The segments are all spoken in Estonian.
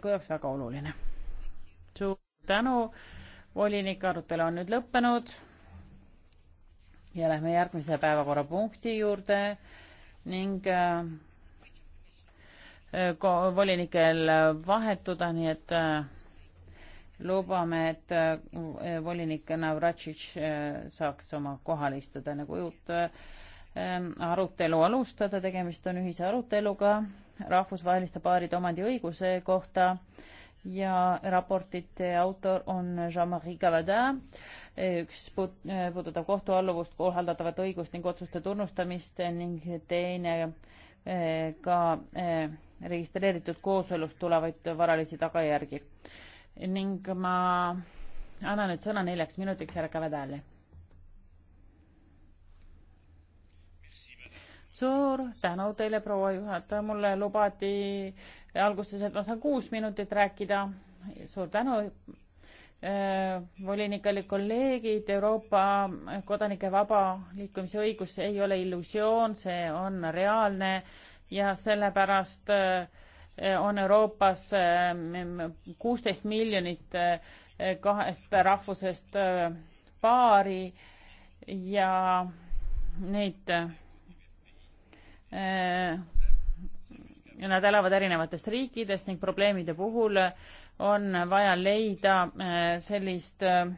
jaoks väga oluline. suur tänu, volinike arutelu on nüüd lõppenud ja lähme järgmise päevakorrapunkti juurde ning äh, volinikel vahetuda, nii et äh, lubame, et äh, volinik Navratšitš äh, saaks oma kohale istuda nagu jutt äh, äh, arutelu alustada, tegemist on ühise aruteluga rahvusvaheliste paaride omandiõiguse kohta ja raportite autor on Jean-Marie Cavada, üks puudutab kohtualluvust, kohaldatavat õigust ning otsuste tunnustamist ning teine eh, ka eh, registreeritud kooselust tulevaid varalisi tagajärgi. ning ma annan nüüd sõna neljaks minutiks härra Cavadale. suur tänu teile, proua juhataja, mulle lubati alguses, et ma saan kuus minutit rääkida. suur tänu äh,, volinik, kallid kolleegid, Euroopa kodanike vaba liikumise õigus ei ole illusioon, see on reaalne ja sellepärast äh, on Euroopas äh, kuusteist miljonit äh, kahest rahvusest äh, paari ja neid Äh, ja nad elavad erinevatest riikidest ning probleemide puhul on vaja leida äh, sellist äh,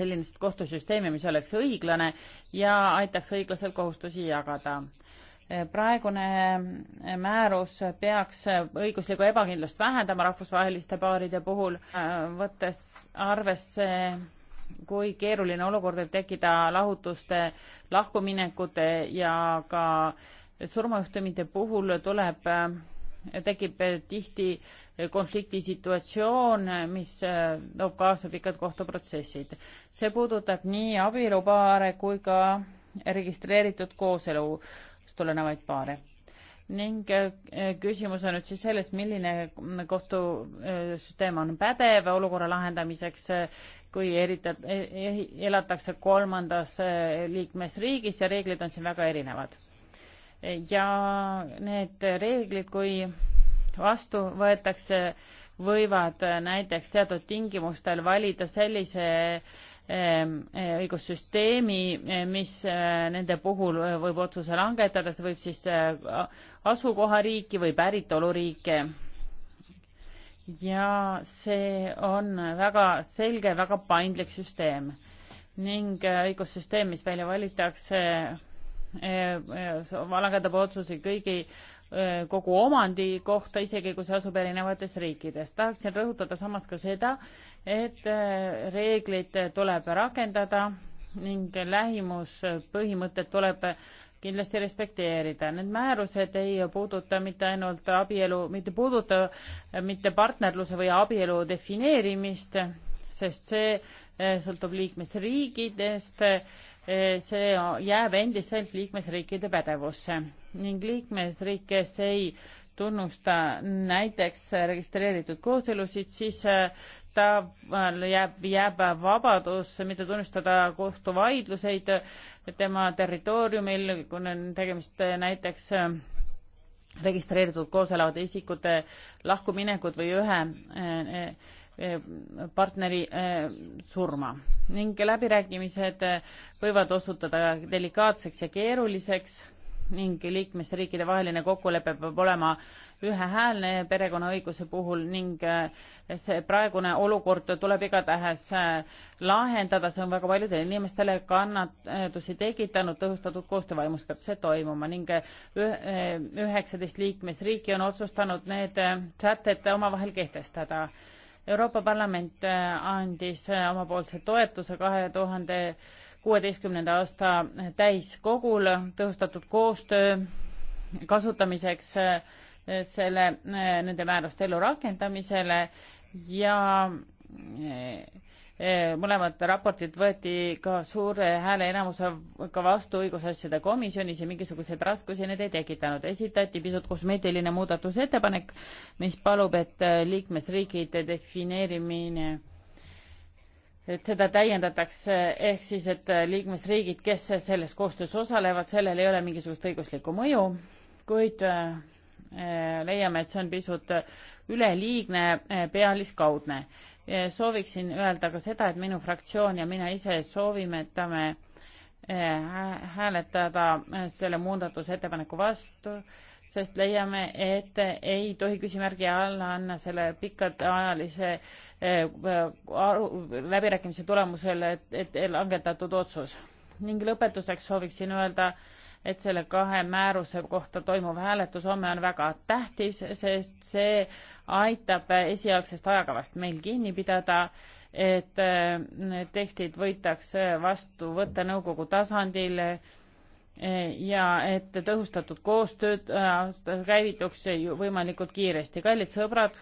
sellist kohtusüsteemi, mis oleks õiglane ja aitaks õiglaselt kohustusi jagada. praegune määrus peaks õiguslikku ebakindlust vähendama rahvusvaheliste paaride puhul, võttes arvesse kui keeruline olukord võib tekkida lahutuste, lahkuminekute ja ka surmajuhtumite puhul tuleb, tekib tihti konfliktisituatsioon, mis toob äh, kaasa pikad kohtuprotsessid. see puudutab nii abielupaare kui ka registreeritud kooselust tulenevaid paare ning äh, küsimus on nüüd siis selles, milline kohtusüsteem on pädev olukorra lahendamiseks kui eritad, e-, elatakse kolmandas e, liikmesriigis ja reeglid on siin väga erinevad. ja need reeglid, kui vastu võetakse, võivad näiteks teatud tingimustel valida sellise e, õigussüsteemi, mis nende puhul võib otsuse langetada, see võib siis asukohariiki või päritoluriike ja see on väga selge, väga paindlik süsteem ning äh, õigussüsteem, mis välja valitakse, äh, äh, langetab otsuseid kõigi kogu omandi kohta, isegi kui see asub erinevates riikides. tahaksin rõhutada samas ka seda, et reeglid tuleb rakendada ning lähimuspõhimõtted tuleb kindlasti respekteerida. Need määrused ei puuduta mitte ainult abielu, mitte puuduta mitte partnerluse või abielu defineerimist, sest see eh, sõltub liikmesriigidest, eh, see jääb endiselt liikmesriikide pädevusse ning liikmesriik, kes ei tunnusta näiteks registreeritud kooselusid, siis eh, ta jääb, jääb vabadus mitte tunnistada kohtuvaidluseid tema territooriumil, kui on tegemist näiteks registreeritud koos elavate isikute lahkuminekut või ühe eh, eh, partneri eh, surma ning läbirääkimised võivad osutuda delikaatseks ja keeruliseks ning liikmesriikide vaheline kokkulepe peab olema ühehäälne perekonnaõiguse puhul ning eh, see praegune olukord tuleb igatahes eh, lahendada, see on väga paljudele inimestele kannatusi tekitanud, tõhustatud koostöövaimus peab see toimuma ning eh, üheksateist liikmesriiki on otsustanud need sätted omavahel kehtestada Euroopa Parlament andis omapoolse toetuse kahe tuhande kuueteistkümnenda aasta täiskogul tõhustatud koostöö kasutamiseks eh, selle, eh, nende määruste ellurakendamisele ja eh, mõlemad raportid võeti ka suure hääleenamusega vastu õigusasjade komisjonis ja mingisuguseid raskusi need ei tekitanud. esitati pisut kosmeetiline muudatusettepanek, mis palub, et liikmesriigid defineerimine et seda täiendatakse, ehk siis, et liikmesriigid, kes selles koostöös osalevad, sellel ei ole mingisugust õiguslikku mõju, kuid äh, äh leiame, et see on pisut üleliigne, äh, pealiskaudne. sooviksin öelda ka seda, et minu fraktsioon ja mina ise soovime, et me äh, hääletada selle muudatusettepaneku vastu äh, sest leiame, et ei tohi küsimärgi alla anna selle pikaajalise eh, läbirääkimise tulemusel langetatud otsus. ning lõpetuseks sooviksin öelda, et selle kahe määruse kohta toimuv hääletus homme on väga tähtis, sest see aitab esialgsest ajakavast meil kinni pidada, et eh, tekstid võidakse vastu võtta nõukogu tasandil ja et tõhustatud koostööd äh, käivituks võimalikult kiiresti. kallid sõbrad,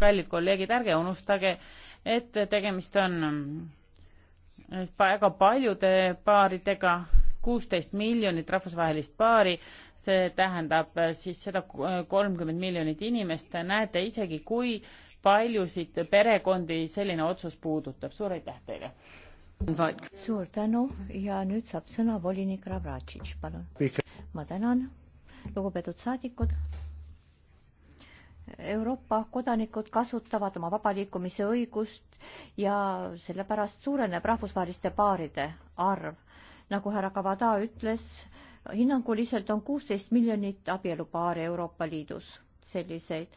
kallid kolleegid, ärge unustage, et tegemist on ähm, äh, väga paljude paaridega, kuusteist miljonit rahvusvahelist paari, see tähendab äh, siis seda kolmkümmend miljonit inimest, näete isegi, kui paljusid perekondi selline otsus puudutab. suur aitäh teile! suur tänu ja nüüd saab sõna volinik Ravratšitš, palun. ma tänan, lugupeetud saadikud. Euroopa kodanikud kasutavad oma vaba liikumise õigust ja sellepärast suureneb rahvusvaheliste paaride arv. nagu härra Kavada ütles, hinnanguliselt on kuusteist miljonit abielupaari Euroopa Liidus selliseid.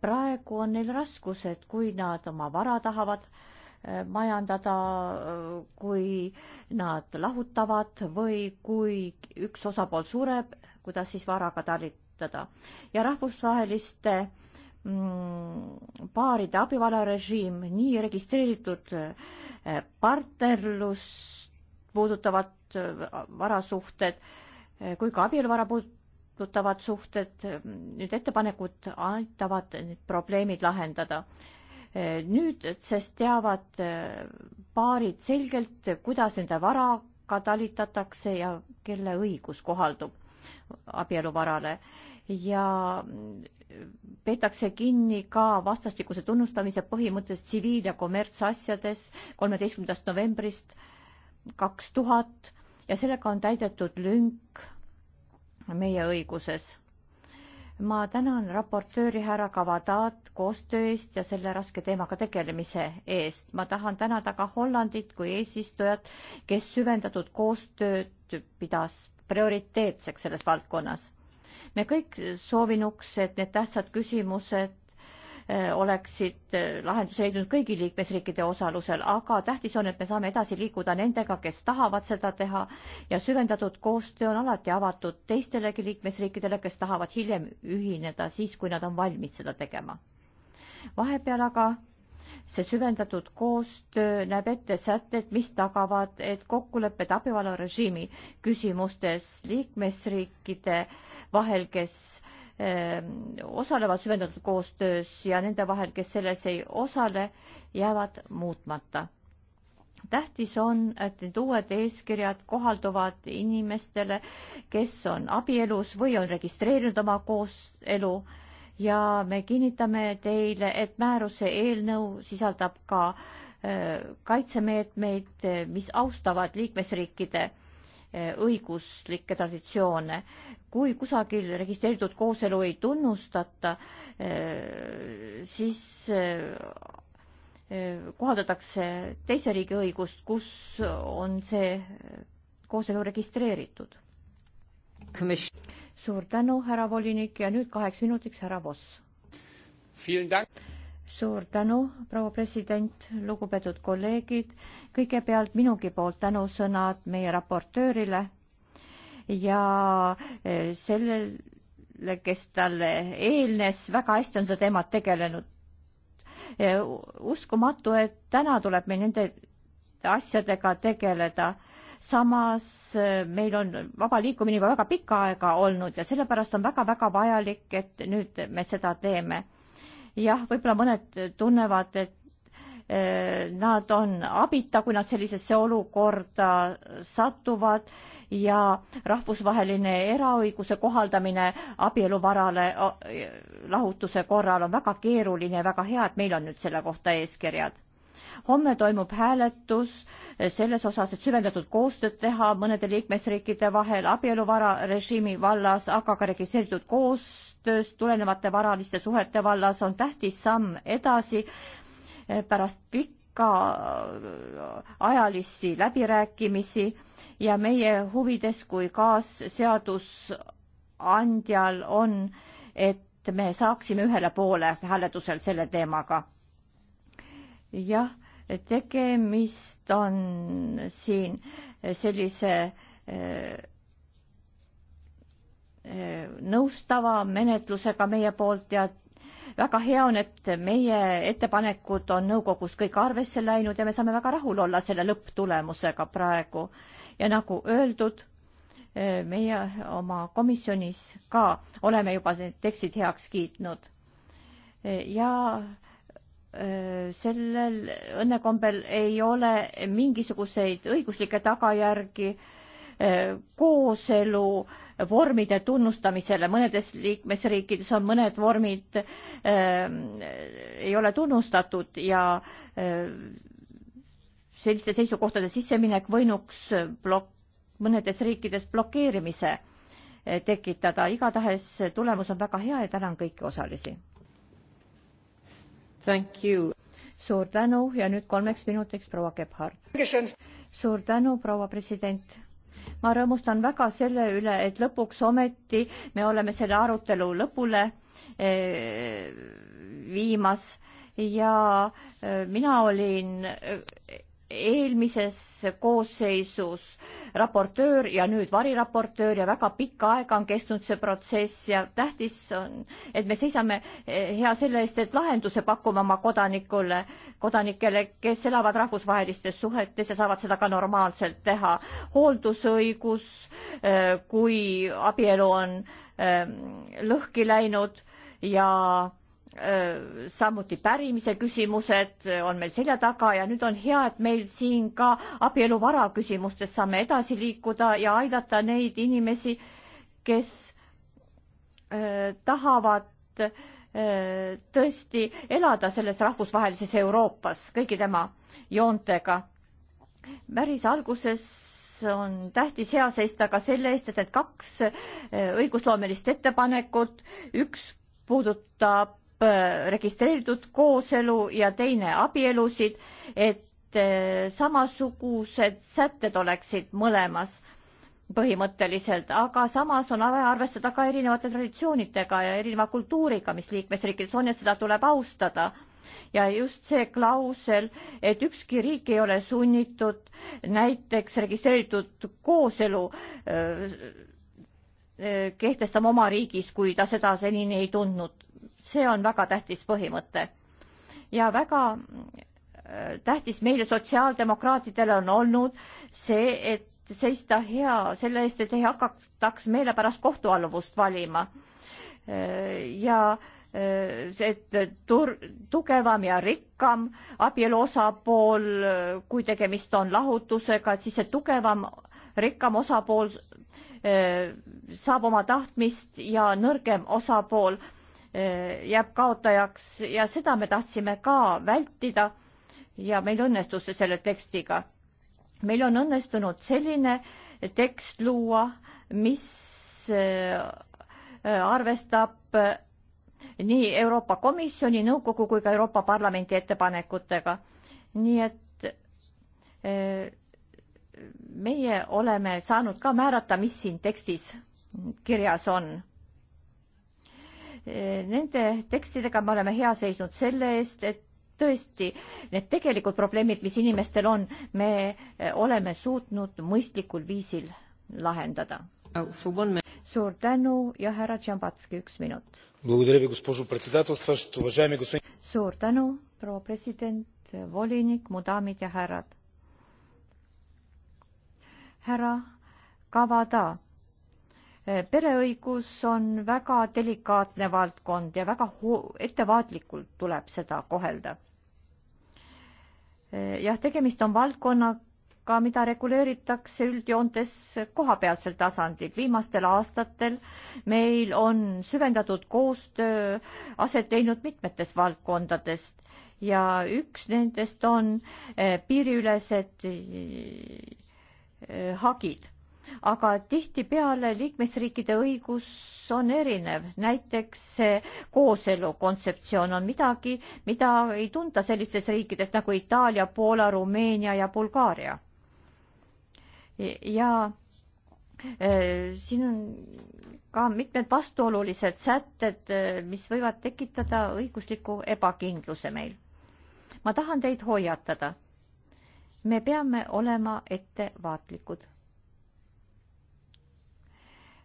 praegu on neil raskused, kui nad oma vara tahavad Äh, majandada, äh, kui nad lahutavad või kui üks osapool sureb, kuidas siis varaga talitada. ja rahvusvaheliste mm, paaride abivalarežiim, nii registreeritud äh, partnerlust puudutavad varasuhted kui ka abieluvara puudutavad suhted, nüüd ettepanekud aitavad need probleemid lahendada nüüdsest teavad äh, paarid selgelt, kuidas nende varaga talitatakse ja kelle õigus kohaldub abieluvarale ja äh, peetakse kinni ka vastastikuse tunnustamise põhimõttest tsiviil- ja kommertsasjades kolmeteistkümnendast novembrist kaks tuhat ja sellega on täidetud lünk meie õiguses ma tänan raportööri härra Kavadat koostöö eest ja selle raske teemaga tegelemise eest. ma tahan tänada ka Hollandit kui eesistujat, kes süvendatud koostööd pidas prioriteetseks selles valdkonnas. me kõik soovinuks, et need tähtsad küsimused Äh, oleksid äh, lahenduse leidnud kõigi liikmesriikide osalusel, aga tähtis on, et me saame edasi liikuda nendega, kes tahavad seda teha ja süvendatud koostöö on alati avatud teistelegi liikmesriikidele, kes tahavad hiljem ühineda siis, kui nad on valmis seda tegema. vahepeal aga see süvendatud koostöö näeb ette sätted, mis tagavad, et kokkulepped abivalarežiimi küsimustes liikmesriikide vahel, kes Ehm, osalevad süvendatud koostöös ja nende vahel, kes selles ei osale, jäävad muutmata. tähtis on, et need uued eeskirjad kohalduvad inimestele, kes on abielus või on registreerinud oma kooselu ja me kinnitame teile, et määruse eelnõu sisaldab ka ehm, kaitsemeetmeid, mis austavad liikmesriikide õiguslikke traditsioone. kui kusagil registreeritud kooselu ei tunnustata, eh, siis eh, kohaldatakse teise riigi õigust, kus on see kooselu registreeritud. suur tänu, härra volinik ja nüüd kaheks minutiks härra Voss suur tänu, proua president, lugupeetud kolleegid. kõigepealt minugi poolt tänusõnad meie raportöörile ja eh, sellele, kes talle eelnes, väga hästi on seda teemat tegelenud. Eh, uskumatu, et täna tuleb meil nende asjadega tegeleda. samas eh, meil on vaba liikumine juba väga pikka aega olnud ja sellepärast on väga-väga vajalik, et nüüd me seda teeme jah, võib-olla mõned tunnevad, et eh, nad on abita, kui nad sellisesse olukorda satuvad ja rahvusvaheline eraõiguse kohaldamine abieluvarale eh, lahutuse korral on väga keeruline ja väga hea, et meil on nüüd selle kohta eeskirjad homme toimub hääletus eh, selles osas, et süvendatud koostööd teha mõnede liikmesriikide vahel abieluvara režiimi vallas, aga ka registreeritud koostööst tulenevate varaliste suhete vallas on tähtis samm edasi eh, pärast pikka eh, ajalisi läbirääkimisi ja meie huvides kui kaasseadusandjal on, et me saaksime ühele poole hääletusel selle teemaga. jah, tegemist on siin sellise eh, eh, nõustava menetlusega meie poolt ja väga hea on, et meie ettepanekud on nõukogus kõik arvesse läinud ja me saame väga rahul olla selle lõpptulemusega praegu. ja nagu öeldud, eh, meie oma komisjonis ka oleme juba need tekstid heaks kiitnud. ja sellel õnnekombel ei ole mingisuguseid õiguslikke tagajärgi kooselu vormide tunnustamisele. mõnedes liikmesriikides on mõned vormid äh, ei ole tunnustatud ja äh, selliste seisukohtade sisseminek võinuks blok-, mõnedes riikides blokeerimise tekitada. igatahes tulemus on väga hea ja tänan kõiki osalisi suur tänu ja nüüd kolmeks minutiks proua Gebhard. suur tänu, proua president ma rõõmustan väga selle üle, et lõpuks ometi me oleme selle arutelu lõpule eh, viimas ja eh, mina olin eh, eelmises koosseisus raportöör ja nüüd variraportöör ja väga pikka aega on kestnud see protsess ja tähtis on, et me seisame eh, hea selle eest, et lahenduse pakume oma kodanikule, kodanikele, kes elavad rahvusvahelistes suhetes ja saavad seda ka normaalselt teha. hooldusõigus, eh, kui abielu on eh, lõhki läinud ja samuti pärimise küsimused on meil selja taga ja nüüd on hea, et meil siin ka abieluvara küsimustes saame edasi liikuda ja aidata neid inimesi, kes äh, tahavad äh, tõesti elada selles rahvusvahelises Euroopas kõigi tema joontega. päris alguses on tähtis hea seista ka selle eest, et need kaks õigusloomelist ettepanekut, üks puudutab Äh, registreeritud kooselu ja teine abielusid, et äh, samasugused sätted oleksid mõlemas põhimõtteliselt, aga samas on vaja arvestada ka erinevate traditsioonidega ja erineva kultuuriga, mis liikmesriikides on ja seda tuleb austada. ja just see klausel, et ükski riik ei ole sunnitud näiteks registreeritud kooselu öö, äh, kehtestama oma riigis, kui ta seda senini ei tundnud see on väga tähtis põhimõte. ja väga äh, tähtis meile sotsiaaldemokraatidele on olnud see, et seista hea selle eest, et ei hakataks meelepärast kohtualluvust valima. Äh, ja äh, et tur-, tugevam ja rikkam abielu osapool, kui tegemist on lahutusega, et siis see tugevam, rikkam osapool saab oma tahtmist ja nõrgem osapool Eh, jääb kaotajaks ja seda me tahtsime ka vältida ja meil õnnestus see selle tekstiga. meil on õnnestunud selline tekst luua, mis eh, arvestab eh, nii Euroopa Komisjoni, nõukogu kui ka Euroopa Parlamendi ettepanekutega. nii et meie oleme saanud ka määrata, mis siin tekstis kirjas on Nende tekstidega me oleme hea seisnud selle eest, et tõesti need tegelikud probleemid, mis inimestel on, me eh, oleme suutnud mõistlikul viisil lahendada oh,. suur tänu ja härra Tšambatski, üks minut. suur tänu, proua president, volinik, mu daamid ja härrad. härra Kavada Eh, pereõigus on väga delikaatne valdkond ja väga ettevaatlikult tuleb seda kohelda. Eh, jah, tegemist on valdkonnaga, mida reguleeritakse üldjoontes kohapealsel tasandil. viimastel aastatel meil on süvendatud koostöö aset leidnud mitmetes valdkondadest ja üks nendest on eh, piiriülesed hagid aga tihtipeale liikmesriikide õigus on erinev, näiteks see kooselu kontseptsioon on midagi, mida ei tunta sellistes riikides nagu Itaalia, Poola, Rumeenia ja Bulgaaria. ja äh, siin on ka mitmed vastuolulised sätted, äh, mis võivad tekitada õigusliku ebakindluse meil. ma tahan teid hoiatada. me peame olema ettevaatlikud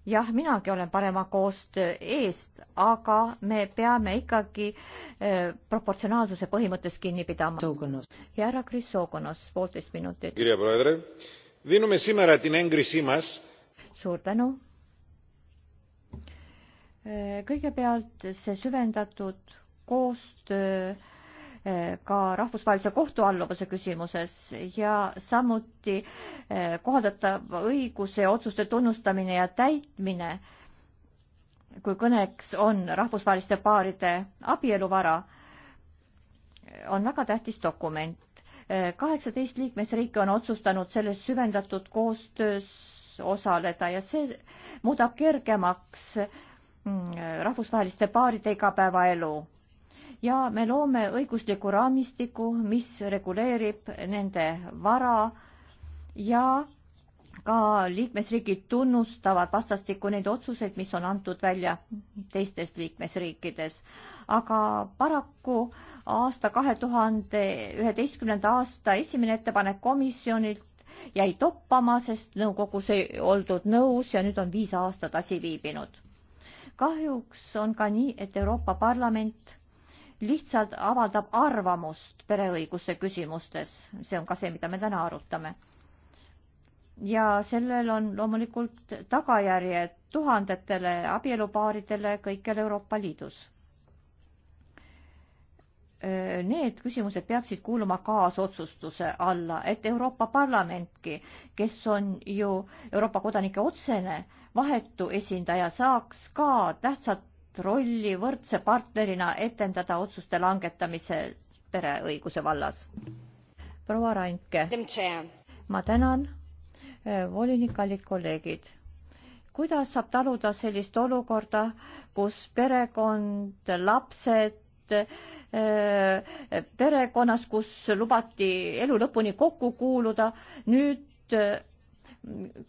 jah, minagi olen parema koostöö eest, aga me peame ikkagi eh, proportsionaalsuse põhimõttest kinni pidama. ja härra Kris Sookonos, poolteist minutit. suur tänu. Äh, kõigepealt see süvendatud koostöö eh, Eh, ka rahvusvahelise kohtualluvuse küsimuses ja samuti eh, kohaldatava õiguse ja otsuste tunnustamine ja täitmine, kui kõneks on rahvusvaheliste paaride abieluvara, on väga tähtis dokument. Eh, kaheksateist liikmesriiki on otsustanud selles süvendatud koostöös osaleda ja see muudab kergemaks mm, rahvusvaheliste paaride igapäevaelu ja me loome õigusliku raamistiku, mis reguleerib nende vara ja ka liikmesriigid tunnustavad vastastikku neid otsuseid, mis on antud välja teistes liikmesriikides. aga paraku aasta kahe tuhande üheteistkümnenda aasta esimene ettepanek komisjonilt jäi toppama, sest nõukogus ei oldud nõus ja nüüd on viis aastat asi viibinud. kahjuks on ka nii, et Euroopa Parlament lihtsalt avaldab arvamust pereõiguse küsimustes. see on ka see, mida me täna arutame. ja sellel on loomulikult tagajärjed tuhandetele abielupaaridele kõikjal Euroopa Liidus. Need küsimused peaksid kuuluma kaasotsustuse alla, et Euroopa Parlamentki, kes on ju Euroopa kodanike otsene vahetu esindaja, saaks ka tähtsat rolli võrdse partnerina etendada otsuste langetamise pereõiguse vallas. proua Randke. ma tänan, eh, volinik, kallid kolleegid. kuidas saab taluda sellist olukorda, kus perekond, lapsed, eh, perekonnas, kus lubati elu lõpuni kokku kuuluda, nüüd eh,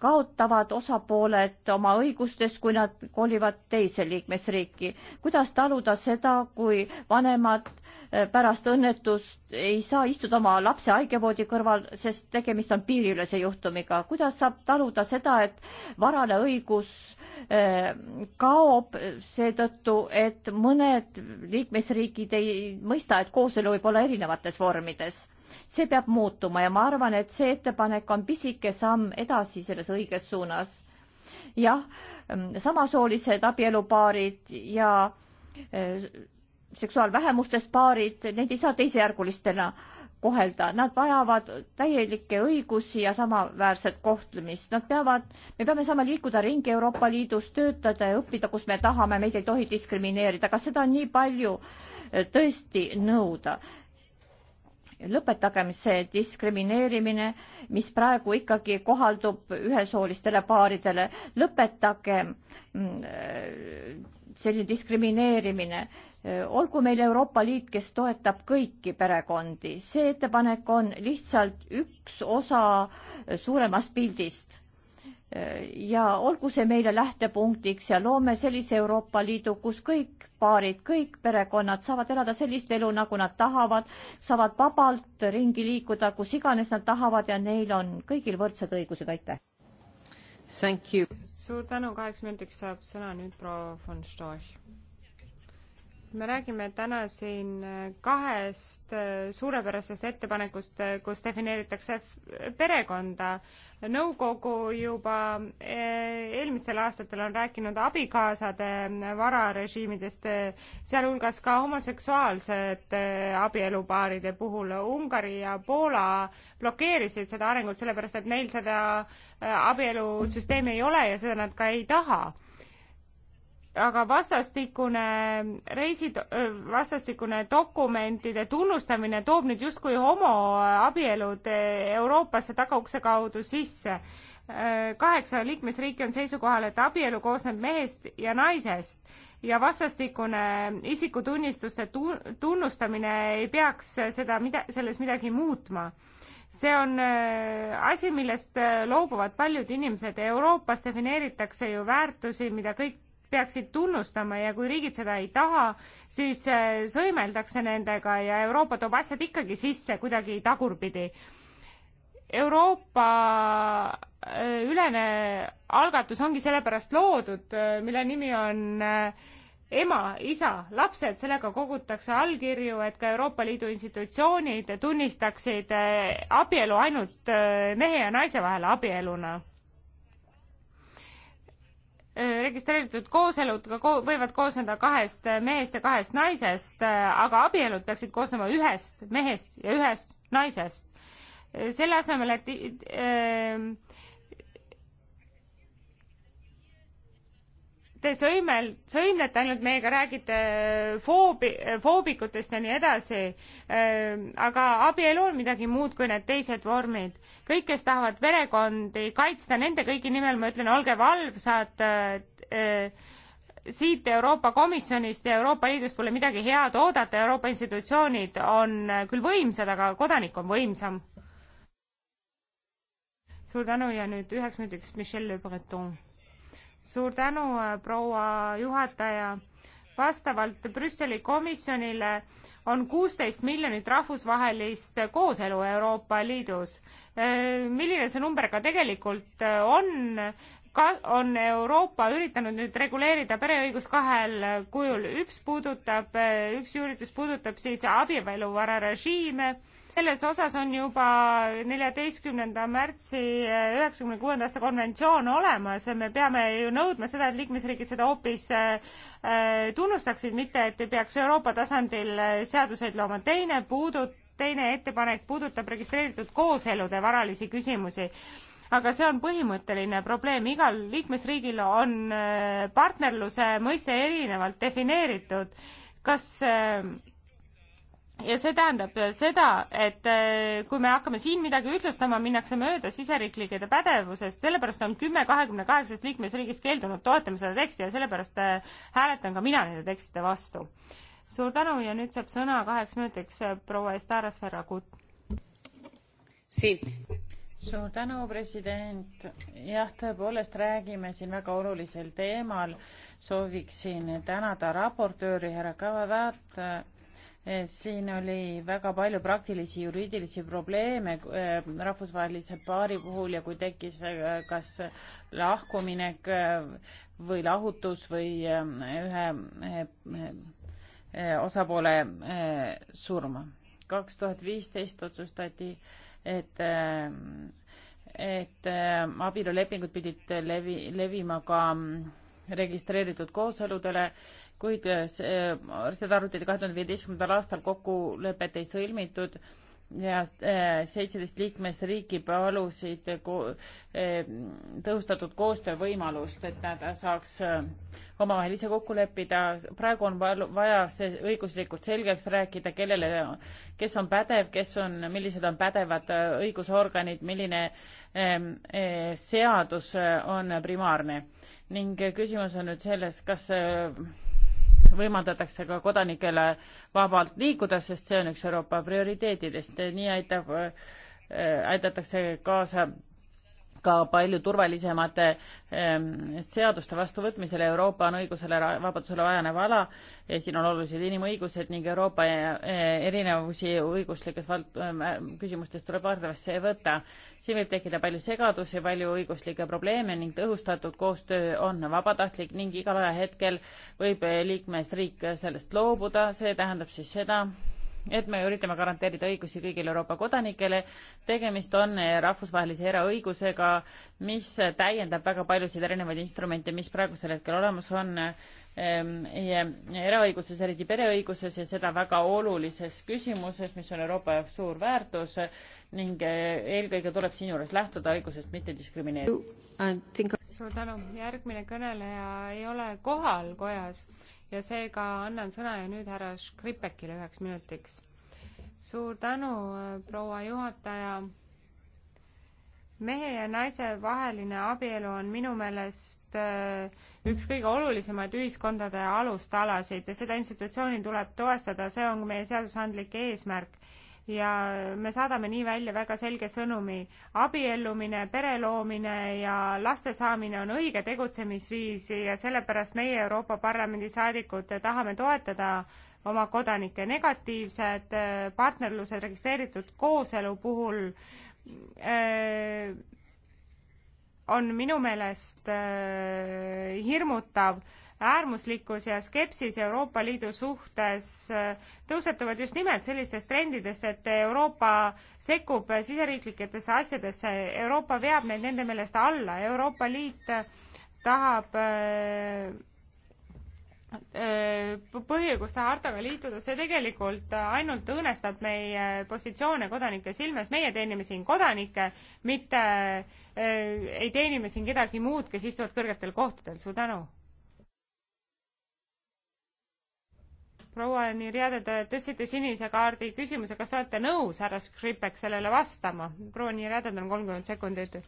kaotavad osapooled oma õigustest, kui nad kolivad teise liikmesriiki. kuidas taluda seda, kui vanemad eh, pärast õnnetust ei saa istuda oma lapse haigevoodi kõrval, sest tegemist on piiriülese juhtumiga. kuidas saab taluda seda, et varale õigus eh, kaob seetõttu, et mõned liikmesriigid ei mõista, et kooselu võib olla erinevates vormides see peab muutuma ja ma arvan, et see ettepanek on pisike samm edasi selles õiges suunas. jah, mm, samasoolised abielupaarid ja eh, seksuaalvähemustest paarid, neid ei saa teisejärgulistena kohelda, nad vajavad täielikke õigusi ja samaväärset kohtlemist, nad peavad, me peame saama liikuda ringi Euroopa Liidus, töötada ja õppida, kus me tahame, meid ei tohi diskrimineerida, kas seda on nii palju eh, tõesti nõuda? lõpetagem see diskrimineerimine, mis praegu ikkagi kohaldub ühesoolistele paaridele, lõpetagem mm, äh, selline diskrimineerimine. Äh, olgu meil Euroopa Liit, kes toetab kõiki perekondi, see ettepanek on lihtsalt üks osa suuremast pildist ja olgu see meile lähtepunktiks ja loome sellise Euroopa Liidu, kus kõik paarid, kõik perekonnad saavad elada sellist elu, nagu nad tahavad, saavad vabalt ringi liikuda, kus iganes nad tahavad ja neil on kõigil võrdsed õigused, aitäh! suur tänu, kaheks minutiks saab sõna nüüd proua von Storch me räägime täna siin äh, kahest äh, suurepärasest ettepanekust, äh, kus defineeritakse perekonda. nõukogu juba eelmistel aastatel on rääkinud abikaasade vararežiimidest, sealhulgas ka homoseksuaalsete abielupaaride puhul. Ungari ja Poola blokeerisid seda arengut sellepärast, et neil seda abielusüsteemi ei ole ja seda nad ka ei taha aga vastastikune reisid, vastastikune dokumentide tunnustamine toob nüüd justkui homoabielud Euroopasse tagaukse kaudu sisse. kaheksa liikmesriiki on seisukohal, et abielu koosneb mehest ja naisest ja vastastikune isikutunnistuste tu-, tunnustamine ei peaks seda mida-, selles midagi muutma see on äh, asi, millest äh, loobuvad paljud inimesed. Euroopas defineeritakse ju väärtusi, mida kõik peaksid tunnustama ja kui riigid seda ei taha, siis äh, sõimeldakse nendega ja Euroopa toob asjad ikkagi sisse kuidagi tagurpidi. Euroopa äh, ülene algatus ongi sellepärast loodud, äh, mille nimi on ema, isa, lapsed, sellega kogutakse allkirju, et ka Euroopa Liidu institutsioonid tunnistaksid abielu ainult mehe ja naise vahel abieluna Äh, registreeritud kooselud ka ko võivad koosneda kahest äh, mehest ja kahest naisest, äh, aga abielud peaksid koosnema ühest mehest ja ühest naisest. selle asemel, et äh, Te sõimel, sõimlete ainult meiega, räägite foobi, foobikutest ja nii edasi, ehm, aga abielu on midagi muud kui need teised vormid. kõik, kes tahavad perekondi kaitsta, nende kõigi nimel ma ütlen, olge valvsad, ehm, siit Euroopa Komisjonist ja Euroopa Liidust pole midagi head oodata, Euroopa institutsioonid on küll võimsad, aga kodanik on võimsam. suur tänu ja nüüd üheks minutiks Michel Le Breton suur tänu, äh, proua juhataja. vastavalt Brüsseli komisjonile on kuusteist miljonit rahvusvahelist kooselu Euroopa Liidus. Äh, milline see number ka tegelikult äh, on? ka-, on Euroopa üritanud nüüd reguleerida pereõigust kahel kujul, üks puudutab, üks juuritus puudutab siis abieluvara režiime selles osas on juba neljateistkümnenda märtsi eh, üheksakümne kuuenda aasta konventsioon olemas ja me peame ju nõudma seda, et liikmesriigid seda hoopis eh, eh, tunnustaksid, mitte et ei peaks Euroopa tasandil seaduseid looma. teine puudut-, teine ettepanek puudutab registreeritud kooselude varalisi küsimusi aga see on põhimõtteline probleem, igal liikmesriigil on partnerluse mõiste erinevalt defineeritud. kas äh, ja see tähendab seda, et äh, kui me hakkame siin midagi ütlustama, minnakse mööda siseriiklikide pädevusest, sellepärast on kümme kahekümne kaheksast liikmesriigist keeldunud toetama seda teksti ja sellepärast äh, hääletan ka mina nende tekstide vastu. suur tänu ja nüüd saab sõna kaheks minutiks äh, proua Estaras Ferragut. suur tänu, president. jah, tõepoolest räägime siin väga olulisel teemal. sooviksin tänada raportööri härra Kavadat siin oli väga palju praktilisi juriidilisi probleeme äh, rahvusvahelise paari puhul ja kui tekkis äh, kas lahkuminek äh, või lahutus või ühe osapoole surm. kaks tuhat viisteist otsustati, et et abielulepingud pidid levi, levima ka mm, registreeritud kooseludele kuid eh, see, eh, seda arutati kahe tuhande viieteistkümnendal aastal, kokkulepet ei sõlmitud ja eh, seitseteist liikmesriiki palusid ko tõhustatud koostöövõimalust, et nad saaks omavahel ise kokku leppida. praegu on vaja see õiguslikult selgeks rääkida, kellele, kes on pädev, kes on, millised on pädevad õigusorganid, milline seadus on primaarne ning küsimus on nüüd selles, kas võimaldatakse ka kodanikele vabalt liikuda, sest see on üks Euroopa prioriteetidest, nii aitab, äh, aidatakse kaasa ka palju turvalisemate ehm, seaduste vastuvõtmisele. Euroopa on õigusele, vabadusele vajanev ala, siin on olulised inimõigused ning Euroopa eh, erinevusi õiguslikes vald-, ehm, küsimustes tuleb arvesse võtta. siin võib tekkida palju segadusi, palju õiguslikke probleeme ning tõhustatud koostöö on vabatahtlik ning igal ajahetkel võib eh, liikmesriik sellest loobuda, see tähendab siis seda, et me üritame garanteerida õigusi kõigile Euroopa kodanikele. tegemist on eh, rahvusvahelise eraõigusega, mis täiendab väga paljusid erinevaid instrumente, mis praegusel hetkel olemas on meie ehm, eraõiguses, eriti pereõiguses ja seda väga olulises küsimuses, mis on Euroopa jaoks suur väärtus ning eh, eelkõige tuleb siinjuures lähtuda õigusest mitte diskrimineerida. suur tänu, järgmine kõneleja ei ole kohal kojas ja seega annan sõna ja nüüd härra Škripekile üheks minutiks. suur tänu, äh, proua juhataja. mehe ja naise vaheline abielu on minu meelest äh, üks kõige olulisemaid ühiskondade alustalasid ja seda institutsiooni tuleb toestada, see on meie seadusandlik eesmärk ja me saadame nii välja väga selge sõnumi. abiellumine, pere loomine ja laste saamine on õige tegutsemisviis ja sellepärast meie Euroopa Parlamendi saadikud tahame toetada oma kodanikke. negatiivsed partnerlused registreeritud kooselu puhul öö, äh, on minu meelest öö, äh, hirmutav äärmuslikkus ja skepsis Euroopa Liidu suhtes äh, tõusetuvad just nimelt sellistest trendidest, et Euroopa sekkub siseriiklikesse asjadesse, Euroopa veab neid nende meelest alla, Euroopa Liit tahab äh, äh, põhiõiguste hartaga liituda, see tegelikult ainult õõnestab meie positsioone kodanike silmes, meie teenime siin kodanikke, mitte äh, ei teeni me siin kedagi muud, kes istuvad kõrgetel kohtadel, suur tänu! proua Nirjade, te tõstsite sinise kaardi küsimuse, kas olete nõus, härra Škripek, sellele vastama? proua Nirjade, teil on kolmkümmend sekundit.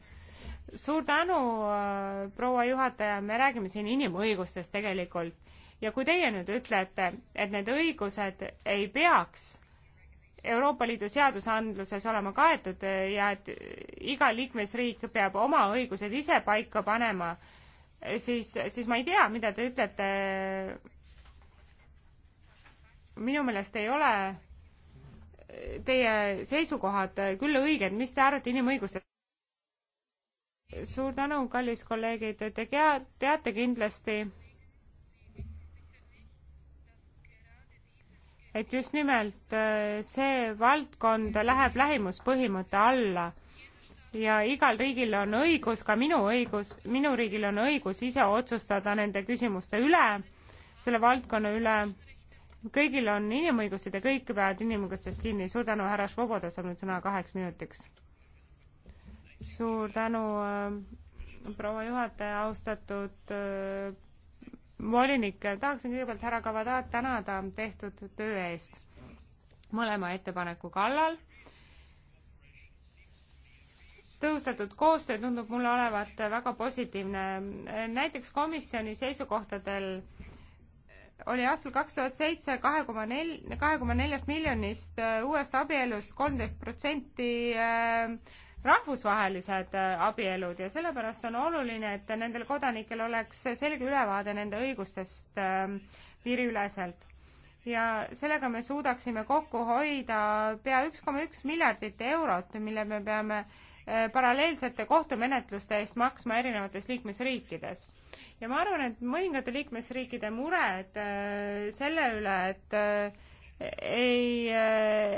suur tänu, äh, proua juhataja, me räägime siin inimõigustest tegelikult ja kui teie nüüd ütlete, et need õigused ei peaks Euroopa Liidu seadusandluses olema kaetud ja et iga liikmesriik peab oma õigused ise paika panema, siis, siis ma ei tea, mida te ütlete minu meelest ei ole teie seisukohad küll õiged, mis te arvate inimõigustest? suur tänu, kallis kolleegid, te teate kindlasti, et just nimelt äh, see valdkond läheb lähimuspõhimõtte alla ja igal riigil on õigus, ka minu õigus, minu riigil on õigus ise otsustada nende küsimuste üle, selle valdkonna üle kõigil on inimõigused ja kõik peavad inimõigustest kinni. suur tänu, härra Švoboda saab nüüd sõna kaheks minutiks. suur tänu äh,, proua juhataja, austatud äh, volinik, tahaksin kõigepealt härra Kavadat tänada tehtud töö eest mõlema ettepaneku kallal. tõhustatud koostöö tundub mulle olevat väga positiivne. näiteks komisjoni seisukohtadel äh, oli aastal kaks tuhat seitse kahe koma nel-, kahe koma neljast miljonist äh, uuest abielust kolmteist protsenti äh, rahvusvahelised äh, abielud ja sellepärast on oluline, et nendel kodanikel oleks selge ülevaade nende õigustest piiriüleselt. ja sellega me suudaksime kokku hoida pea üks koma üks miljardit eurot, mille me peame paralleelsete kohtumenetluste eest maksma erinevates liikmesriikides ja ma arvan, et mõningate liikmesriikide mured äh, selle üle, et äh, ei, äh,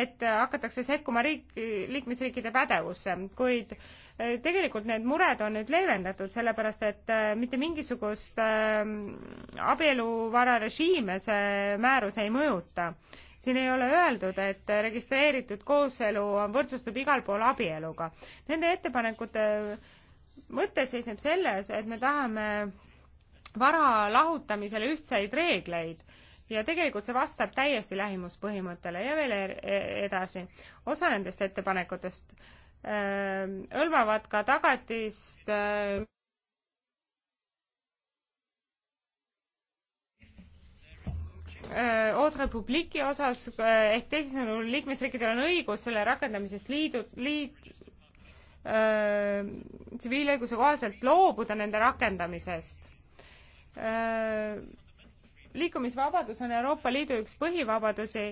et hakatakse sekkuma riik, liikmesriikide pädevusse, kuid tegelikult need mured on nüüd leevendatud, sellepärast et mitte mingisugust abieluvararežiime see määrus ei mõjuta. siin ei ole öeldud, et registreeritud kooselu võrdsustub igal pool abieluga. Nende ettepanekute mõte seisneb selles, et me tahame vara lahutamisele ühtseid reegleid ja tegelikult see vastab täiesti lähimuspõhimõttele ja veel e-, e-, edasi. osa nendest ettepanekutest ähm, hõlmavad ka tagatist öö, äh, äh, Audre Publici osas äh, ehk teisisõnu liikmesriikidel on õigus selle rakendamisest liidu, liit, Äh, tsiviilõiguse kohaselt loobuda nende rakendamisest. Äh, liikumisvabadus on Euroopa Liidu üks põhivabadusi,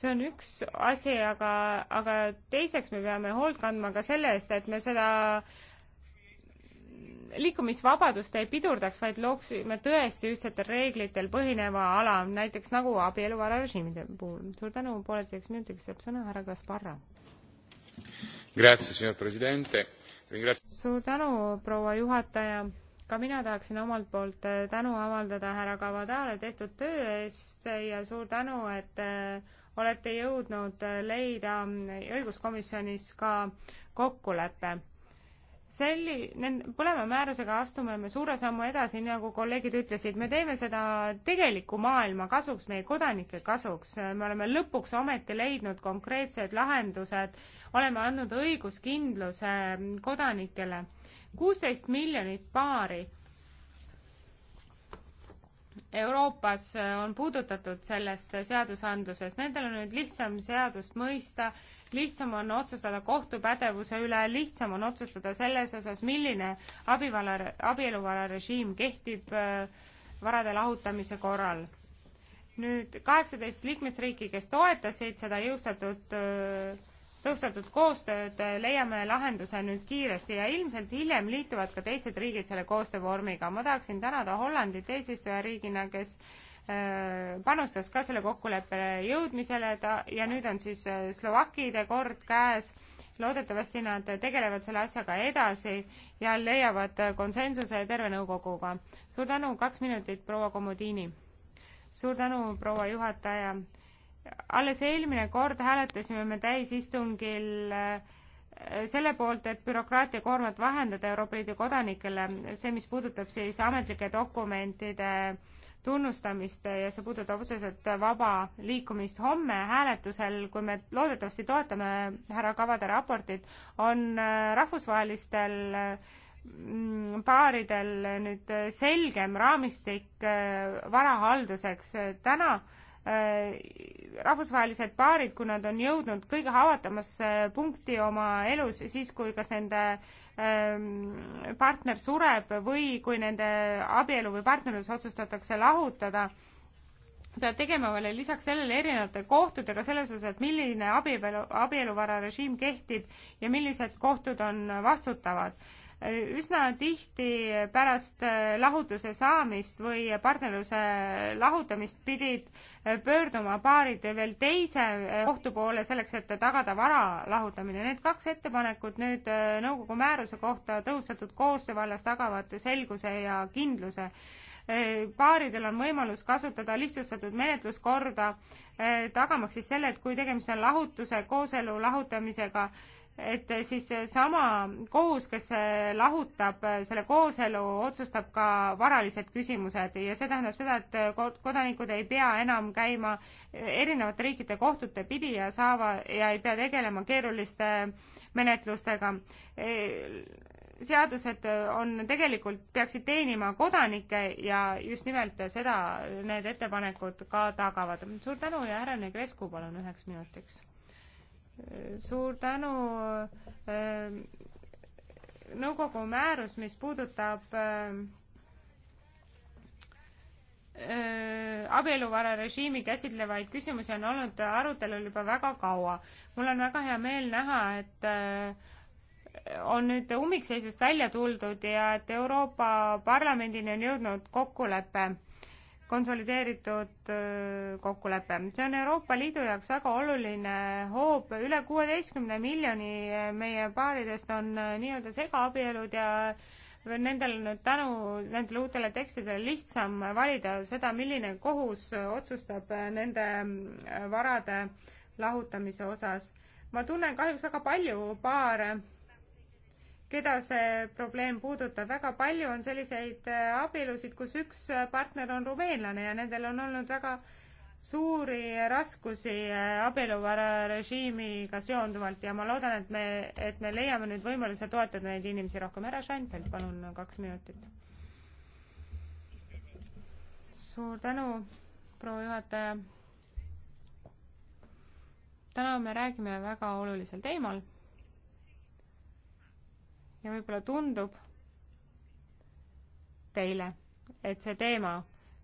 see on üks asi, aga, aga teiseks me peame hoolt kandma ka selle eest, et me seda liikumisvabadust ei pidurdaks, vaid looksime tõesti ühtsetel reeglitel põhineva ala, näiteks nagu abieluvararežiimide puhul. suur tänu, pooleteiseks minutiks saab sõna härra Kasparra suur tänu, proua juhataja. ka mina tahaksin omalt poolt eh, tänu avaldada härra Kavadale tehtud töö eest ja suur tänu, et eh, olete jõudnud eh, leida mm, õiguskomisjonis ka kokkuleppe selli-, põlema määrusega astume me suure sammu edasi, nii nagu kolleegid ütlesid, me teeme seda tegeliku maailma kasuks, meie kodanike kasuks, me oleme lõpuks ometi leidnud konkreetsed lahendused, oleme andnud õiguskindluse kodanikele. kuusteist miljonit paari Euroopas äh, on puudutatud sellest seadusandlusest, nendel on nüüd lihtsam seadust mõista, lihtsam on otsustada kohtupädevuse üle, lihtsam on otsustada selles osas, milline abivala, abieluvara režiim kehtib äh, varade lahutamise korral. nüüd kaheksateist liikmesriiki, kes toetasid seda jõustatud öö, äh, tõhustatud koostööd, äh, leiame lahenduse nüüd kiiresti ja ilmselt hiljem liituvad ka teised riigid selle koostöövormiga. ma tahaksin tänada Hollandit eesistujariigina, kes äh, panustas ka selle kokkuleppele jõudmisele ta ja nüüd on siis äh, Slovakkide kord käes. loodetavasti nad tegelevad selle asjaga edasi ja leiavad konsensuse terve nõukoguga. suur tänu, kaks minutit, proua Komodiini. suur tänu, proua juhataja alles eelmine kord hääletasime me täisistungil äh, selle poolt, et bürokraatia koormat vähendada Euroopa Liidu kodanikele, see, mis puudutab siis ametlike dokumentide tunnustamist ja see puudutab otseselt vaba liikumist homme hääletusel, kui me loodetavasti toetame härra Kavade raportit, on äh, rahvusvahelistel mm, paaridel nüüd selgem raamistik äh, varahalduseks täna äh, Äh, rahvusvahelised paarid, kui nad on jõudnud kõige haavatavamasse punkti oma elus, siis kui kas nende ähm, partner sureb või kui nende abielu või partnerlus otsustatakse lahutada, peavad tegema veel lisaks sellele erinevate kohtudega selles osas, et milline abielu, abieluvara režiim kehtib ja millised kohtud on vastutavad üsna tihti pärast äh, lahutuse saamist või partnerluse lahutamist pidid äh, pöörduma paarid veel teise äh, kohtu poole selleks, et tagada vara lahutamine. Need kaks ettepanekut nüüd nõukogu määruse kohta tõhustatud koostöö vallas tagavad selguse ja kindluse paaridel on võimalus kasutada lihtsustatud menetluskorda, tagamaks siis selle, et kui tegemist on lahutuse, kooselu lahutamisega, et siis sama kohus, kes lahutab selle kooselu, otsustab ka varalised küsimused ja see tähendab seda, et kodanikud ei pea enam käima erinevate riikide kohtute pidi ja saava ja ei pea tegelema keeruliste menetlustega. seadused on tegelikult, peaksid teenima kodanikke ja just nimelt seda need ettepanekud ka tagavad. suur tänu ja härra Negrescu palun üheks minutiks suur tänu äh, nõukogu määrus, mis puudutab äh, äh, abieluvararežiimi käsitlevaid küsimusi on olnud arutelul juba väga kaua. mul on väga hea meel näha, et on nüüd ummikseisust välja tuldud ja et Euroopa Parlamendini on jõudnud kokkulepe konsolideeritud kokkulepe. see on Euroopa Liidu jaoks väga oluline hoob, üle kuueteistkümne miljoni e, meie paaridest on e, nii-öelda segaabielud ja nendel on nüüd tänu nendele uutele tekstidele lihtsam valida seda, milline kohus otsustab e, nende varade lahutamise osas. ma tunnen kahjuks väga palju paare keda see probleem puudutab. väga palju on selliseid äh, abielusid, kus üks äh, partner on rumeenlane ja nendel on olnud väga suuri raskusi äh, abieluvararežiimiga seonduvalt ja ma loodan, et me, et me leiame nüüd võimaluse toetada neid inimesi rohkem. härra Scheinfeld, palun kaks minutit. suur tänu, proua juhataja. täna me räägime väga olulisel teemal ja võib-olla tundub teile, et see teema,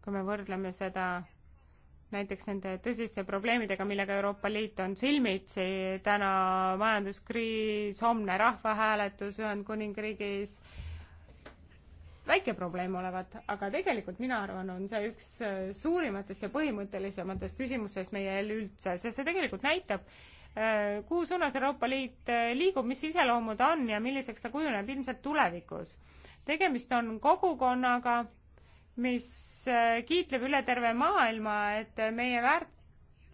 kui me võrdleme seda näiteks nende tõsiste probleemidega, millega Euroopa Liit on silmitsi, täna majanduskriis, homne rahvahääletus Ühendkuningriigis, väike probleem olevat, aga tegelikult mina arvan, on see üks äh, suurimatest ja põhimõttelisematest küsimustest meie eel üldse, sest see tegelikult näitab, Äh, kuhu suunas Euroopa Liit äh, liigub, mis iseloomu ta on ja milliseks ta kujuneb ilmselt tulevikus. tegemist on kogukonnaga, mis äh, kiitleb üle terve maailma, et meie väärt-,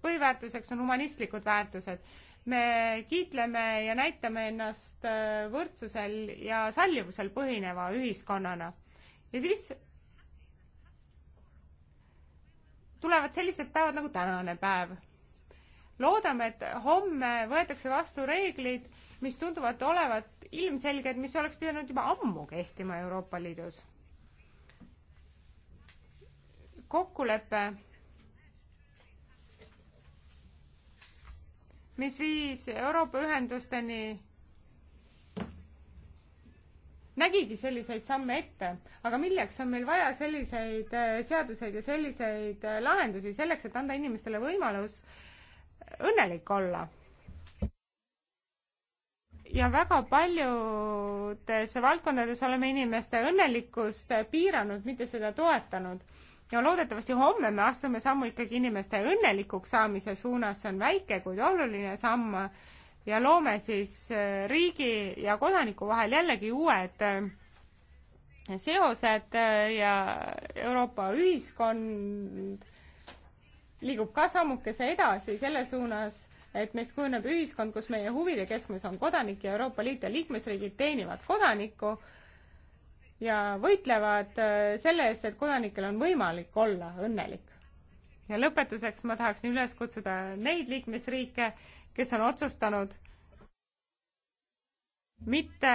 põhiväärtuseks on humanistlikud väärtused. me kiitleme ja näitame ennast võrdsusel ja sallivusel põhineva ühiskonnana. ja siis tulevad sellised päevad nagu tänane päev loodame, et homme võetakse vastu reeglid, mis tunduvad olevat ilmselged, mis oleks pidanud juba ammu kehtima Euroopa Liidus. kokkulepe, mis viis Euroopa ühendusteni, nägigi selliseid samme ette, aga milleks on meil vaja selliseid eh, seaduseid ja selliseid eh, lahendusi selleks, et anda inimestele võimalus äh, õnnelik olla. ja väga paljudes valdkondades oleme inimeste õnnelikkust piiranud, mitte seda toetanud. ja loodetavasti homme me astume sammu ikkagi inimeste õnnelikuks saamise suunas, see on väike, kuid oluline samm ja loome siis äh, riigi ja kodaniku vahel jällegi uued äh, seosed äh, ja Euroopa ühiskond liigub ka sammukese edasi selles suunas, et meist kujuneb ühiskond, kus meie huvide keskmes on kodanik ja Euroopa Liit ja liikmesriigid teenivad kodanikku ja võitlevad äh, selle eest, et kodanikel on võimalik olla õnnelik. ja lõpetuseks ma tahaksin üles kutsuda neid liikmesriike, kes on otsustanud mitte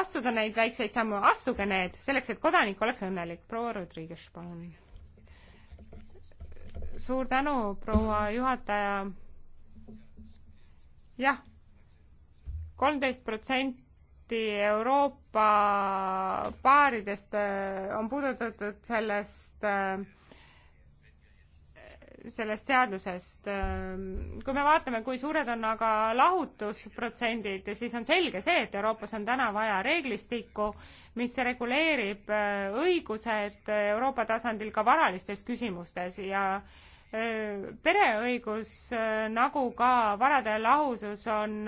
astuda neid väikseid samme, astuge need selleks, et kodanik oleks õnnelik. proua Rodriguez, palun suur tänu, proua juhataja. jah, kolmteist protsenti Euroopa baaridest äh, on puudutatud sellest, äh, sellest seadusest. Äh, kui me vaatame, kui suured on aga lahutusprotsendid, siis on selge see, et Euroopas on täna vaja reeglistikku, mis reguleerib õigused Euroopa tasandil ka varalistes küsimustes ja äh, pereõigus nagu ka varade lahusus on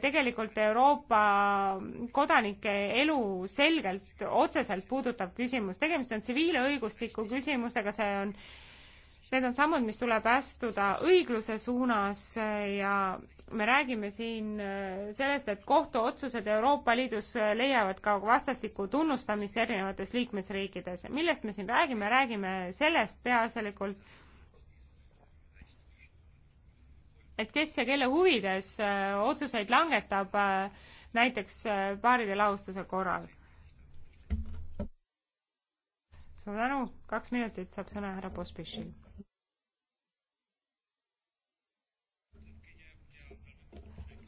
tegelikult Euroopa kodanike elu selgelt otseselt puudutav küsimus, tegemist on tsiviilõigustiku küsimustega, see on, need on sammud, mis tuleb astuda õigluse suunas ja me räägime siin sellest, et kohtuotsused Euroopa Liidus leiavad ka vastastikku tunnustamist erinevates liikmesriikides. millest me siin räägime, räägime sellest peaasjalikult, et kes ja kelle huvides äh, otsuseid langetab äh, näiteks paaride äh, lahustuse korral. suur tänu, kaks minutit saab sõna härra Pospišil.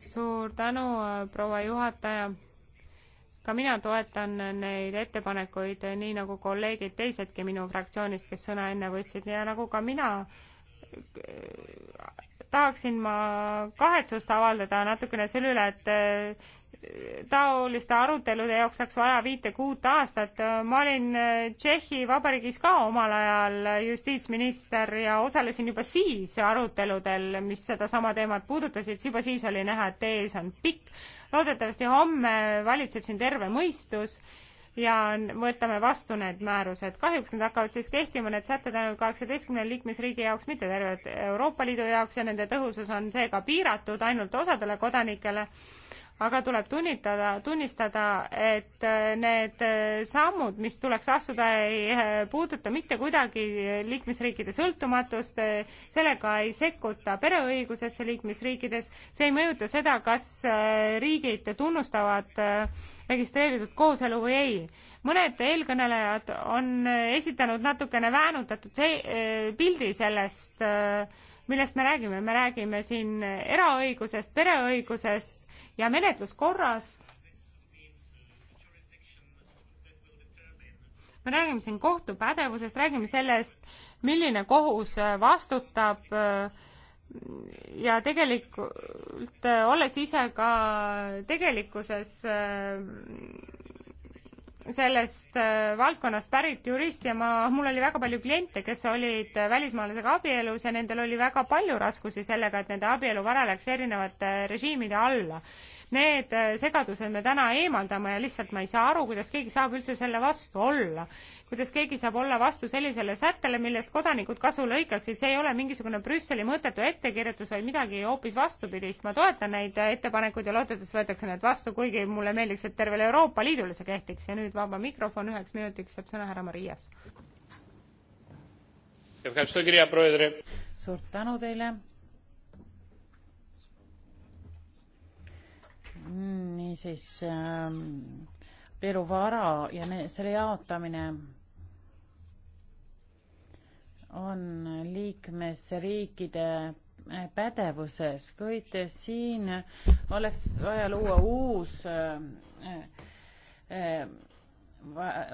suur tänu, proua juhataja. ka mina toetan neid ettepanekuid, nii nagu kolleegid teisedki minu fraktsioonist, kes sõna enne võtsid ja nagu ka mina tahaksin ma kahetsust avaldada natukene selle üle, et äh, taoliste arutelude jaoks läks vaja viite-kuut aastat. ma olin äh, Tšehhi Vabariigis ka omal ajal justiitsminister ja osalesin juba siis aruteludel, mis sedasama teemat puudutasid, juba siis oli näha, et ees on pikk. loodetavasti homme valitseb siin terve mõistus ja võtame vastu need määrused. kahjuks need hakkavad siis kehtima, need sätted ainult kaheksateistkümne liikmesriigi jaoks, mitte terve Euroopa Liidu jaoks ja nende tõhusus on seega piiratud ainult osadele kodanikele. aga tuleb tunnitada, tunnistada, et äh, need äh, sammud, mis tuleks astuda, ei äh, puuduta mitte kuidagi liikmesriikide sõltumatust, sellega ei sekkuta pereõigusesse liikmesriikides, see ei mõjuta seda, kas riigid tunnustavad registreeritud kooselu või ei. mõned eelkõnelejad on esitanud natukene väänutatud see, eh, pildi sellest, eh, millest me räägime, me räägime siin eraõigusest, pereõigusest ja menetluskorrast. me räägime siin kohtupädevusest, räägime sellest, milline kohus vastutab äh, ja tegelikult olles ise ka tegelikkuses äh, sellest äh, valdkonnast pärit jurist ja ma, mul oli väga palju kliente, kes olid välismaalasega abielus ja nendel oli väga palju raskusi sellega, et nende abielu vara läks erinevate režiimide alla need äh, segadused me täna eemaldame ja lihtsalt ma ei saa aru, kuidas keegi saab üldse selle vastu olla. kuidas keegi saab olla vastu sellisele sättele, millest kodanikud kasu lõikaksid, see ei ole mingisugune Brüsseli mõttetu ettekirjutus, vaid midagi hoopis vastupidist. ma toetan neid äh, ettepanekuid ja loodetavasti võetakse need vastu, kuigi mulle meeldiks, et tervele Euroopa Liidule see kehtiks ja nüüd vaba mikrofon üheks minutiks saab sõna härra Marias. suur tänu teile niisiis äh, eluvara ja ne, selle jaotamine on liikmesriikide äh, pädevuses, kuid siin oleks vaja luua uus ähm, äh, äh,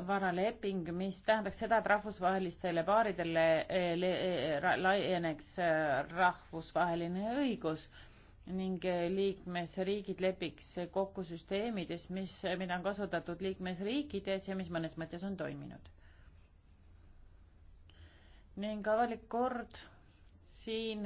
varaleping, mis tähendaks seda, et rahvusvahelistele paaridele äh, äh, laieneks rahvusvaheline õigus äh, ning eh, liikmesriigid lepiks kokku süsteemides, mis, eh, mida on kasutatud liikmesriikides ja mis mõnes mõttes on toiminud. ning avalik kord siin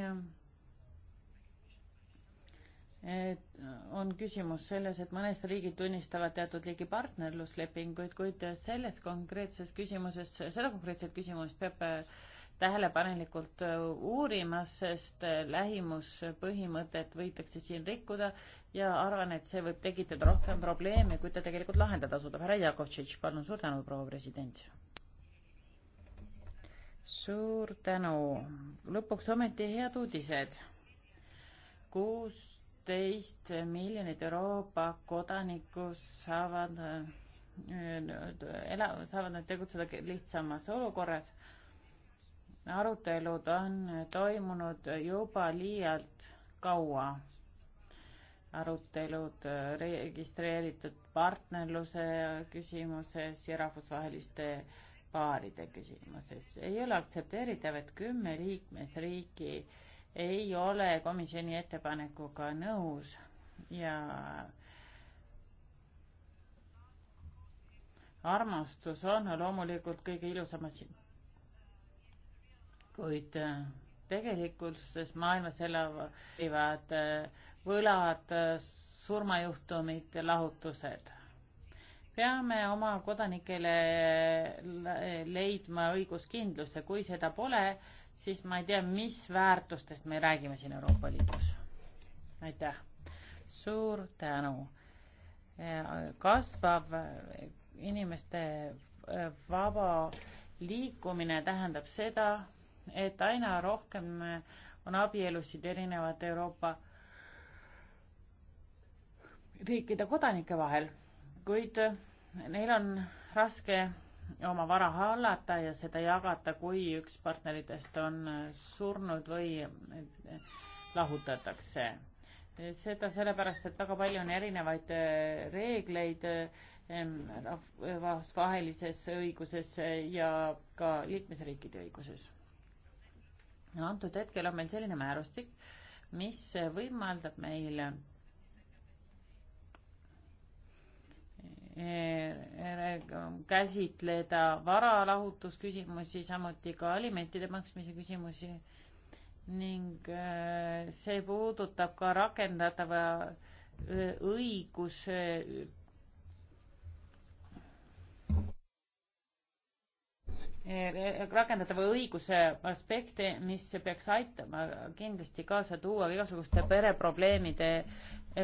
et on küsimus selles, et mõnest riigid tunnistavad teatud liigi partnerluslepinguid, kuid selles konkreetses küsimuses, seda konkreetset küsimust peab eh, tähelepanelikult äh, uurimas, sest äh, lähimuspõhimõtet võidakse siin rikkuda ja arvan, et see võib tekitada rohkem probleeme, kui ta tegelikult lahendada suudab. härra Jakovtšitš, palun, suur tänu, proua president. suur tänu. lõpuks ometi head uudised. kuusteist miljonit Euroopa kodanikku saavad äh, ela-, saavad nad tegutseda lihtsamas olukorras arutelud on toimunud juba liialt kaua. arutelud registreeritud partnerluse küsimuses ja rahvusvaheliste paaride küsimuses. ei ole aktsepteeritav, et kümme liikmesriiki ei ole komisjoni ettepanekuga nõus ja armastus on loomulikult kõige ilusam asi kuid äh, tegelikkuses maailmas elavad äh, võlad, äh, surmajuhtumid, lahutused. peame oma kodanikele leidma õiguskindluse, kui seda pole, siis ma ei tea, mis väärtustest me räägime siin Euroopa Liidus. aitäh, suur tänu. kasvav inimeste vaba liikumine tähendab seda, et aina rohkem on abielusid erinevate Euroopa riikide kodanike vahel, kuid neil on raske oma vara hallata ja seda jagata, kui üks partneritest on surnud või lahutatakse. seda sellepärast, et väga palju on erinevaid reegleid rahvusvahelises õiguses ja ka liikmesriikide õiguses antud hetkel on meil selline määrustik, mis võimaldab meil eh, eh, käsitleda varalahutusküsimusi, samuti ka alimentide maksmise küsimusi ning eh, see puudutab ka rakendatava õiguse Eh, rakendatava õiguse aspekte, mis peaks aitama kindlasti kaasa tuua igasuguste pereprobleemide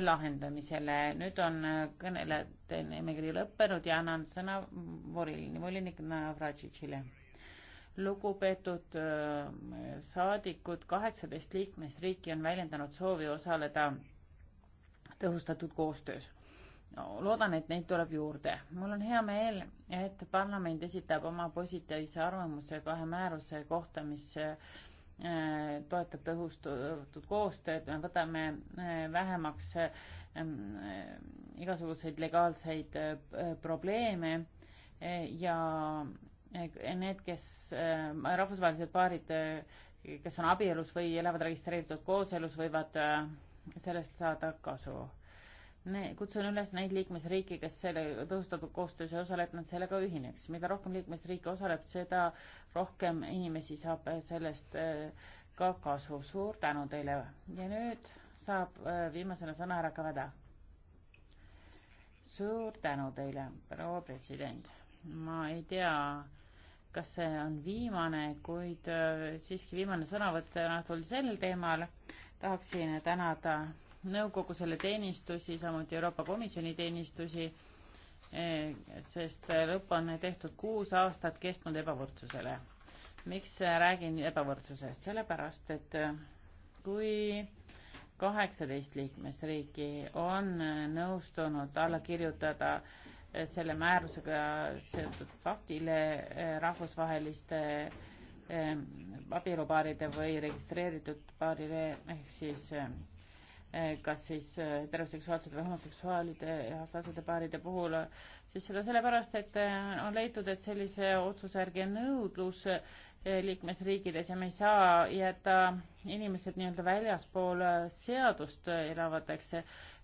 lahendamisele. nüüd on kõnelejate nimekiri lõppenud ja annan sõna volinik, volinik Navratšitšile. lugupeetud eh, saadikud, kaheksateist liikmesriiki on väljendanud soovi osaleda tõhustatud koostöös no, loodan, et neid tuleb juurde. mul on hea meel, et parlament esitab oma positiivse arvamuse kahe määruse kohta, mis äh, toetab tõhustatud koostööd, me võtame äh, vähemaks ähm, äh, igasuguseid legaalseid probleeme ja need, kes, rahvusvahelised paarid, kes on abielus või elavad registreeritud kooselus, võivad sellest saada kasu ne-, kutsun üles neid liikmesriike, kes selle tõhustatud koostöös ei osale, et nad sellega ühineks. mida rohkem liikmesriike osaleb, seda rohkem inimesi saab sellest eh, ka kasu. suur tänu teile ja nüüd saab eh, viimasena sõna härra Kavada. suur tänu teile, proua president. ma ei tea, kas see on viimane, kuid eh, siiski viimane sõnavõtt täna tuli sel teemal. tahaksin tänada nõukogu selle teenistusi, samuti Euroopa Komisjoni teenistusi, eh, sest lõpp on tehtud kuus aastat kestnud ebavõrdsusele. miks räägin ebavõrdsusest? sellepärast, et kui kaheksateist liikmesriiki on nõustunud alla kirjutada selle määrusega seotud faktile eh, rahvusvaheliste eh, abielupaaride või registreeritud paarile ehk siis Eh, kas siis eh, heteroseksuaalsete või homoseksuaalide asjade paaride puhul, eh, siis seda sellepärast, et on leitud, et sellise otsuse järgi on nõudlus liikmesriikides ja me ei saa jätta inimesed nii-öelda väljaspool seadust elavateks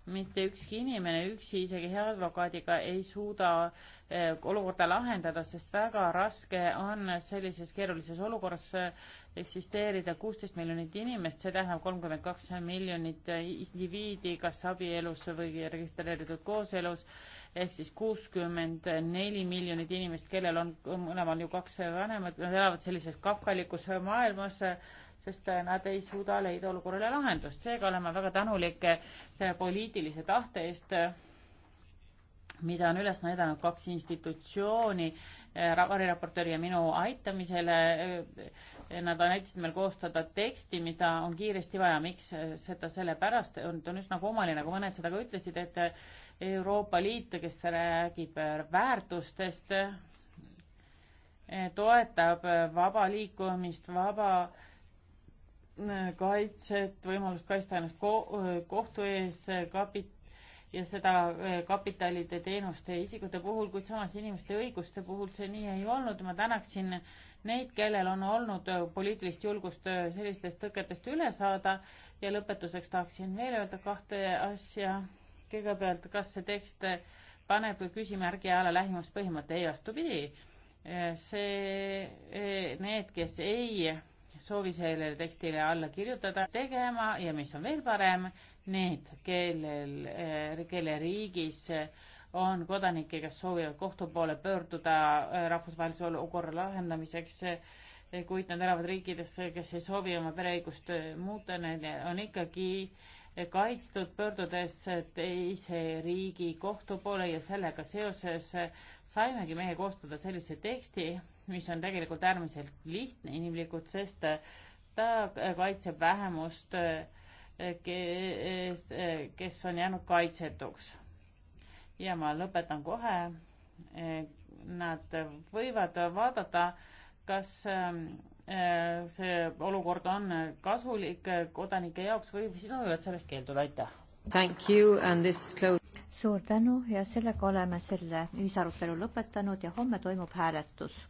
mitte ükski inimene üksi, isegi hea advokaadiga ei suuda eh, olukorda lahendada, sest väga raske on sellises keerulises olukorras eh, eksisteerida kuusteist miljonit inimest, see tähendab kolmkümmend kaks miljonit indiviidi, kas abielus või registreeritud kooselus, ehk siis kuuskümmend neli miljonit inimest, kellel on mõlemal ju kaks vanemat, nad elavad sellises kafkalikus maailmas, sest nad ei suuda leida olukorrale lahendust. seega olen ma väga tänulik selle poliitilise tahte eest, mida on üles näidanud kaks institutsiooni eh, variraportööri ja minu aitamisele. Eh, nad näitasid meil koostada teksti, mida on kiiresti vaja. miks seda sellepärast, ta on üsna kummaline, nagu mõned seda ka ütlesid, et Euroopa Liit, kes räägib väärtustest, eh, toetab vaba liikumist, vaba äh, kaitset, võimalust kaitsta ennast ko-, kohtu ees kapi- ja seda äh, kapitalide, teenuste ja isikute puhul, kuid samas inimeste õiguste puhul see nii ei olnud. ma tänaksin neid, kellel on olnud äh, poliitilist julgust äh, sellistest tõketest üle saada ja lõpetuseks tahaksin veel öelda kahte asja. kõigepealt, kas see tekst paneb küsimärgi alla lähimuspõhimõtte? ei, vastupidi. see, need, kes ei soovi sellele tekstile alla kirjutada, tegema ja mis on veel parem, need, kellel, eh, kelle riigis eh, on kodanikke, kes soovivad kohtu poole pöörduda eh, rahvusvahelise olukorra lahendamiseks, kuid nad elavad riikides, kes ei soovi oma pereõigust muuta, need on ikkagi kaitstud, pöördudes teise riigi kohtu poole ja sellega seoses saimegi meie koostada sellise teksti, mis on tegelikult äärmiselt lihtne inimlikult, sest ta kaitseb vähemust, kes, kes on jäänud kaitsetuks. ja ma lõpetan kohe. Nad võivad vaadata, kas ähm, äh, see olukord on kasulik kodanike jaoks või sina võivad sellest keelduda, aitäh. Thank you and this close suur tänu ja sellega oleme selle ühisarutelu lõpetanud ja homme toimub hääletus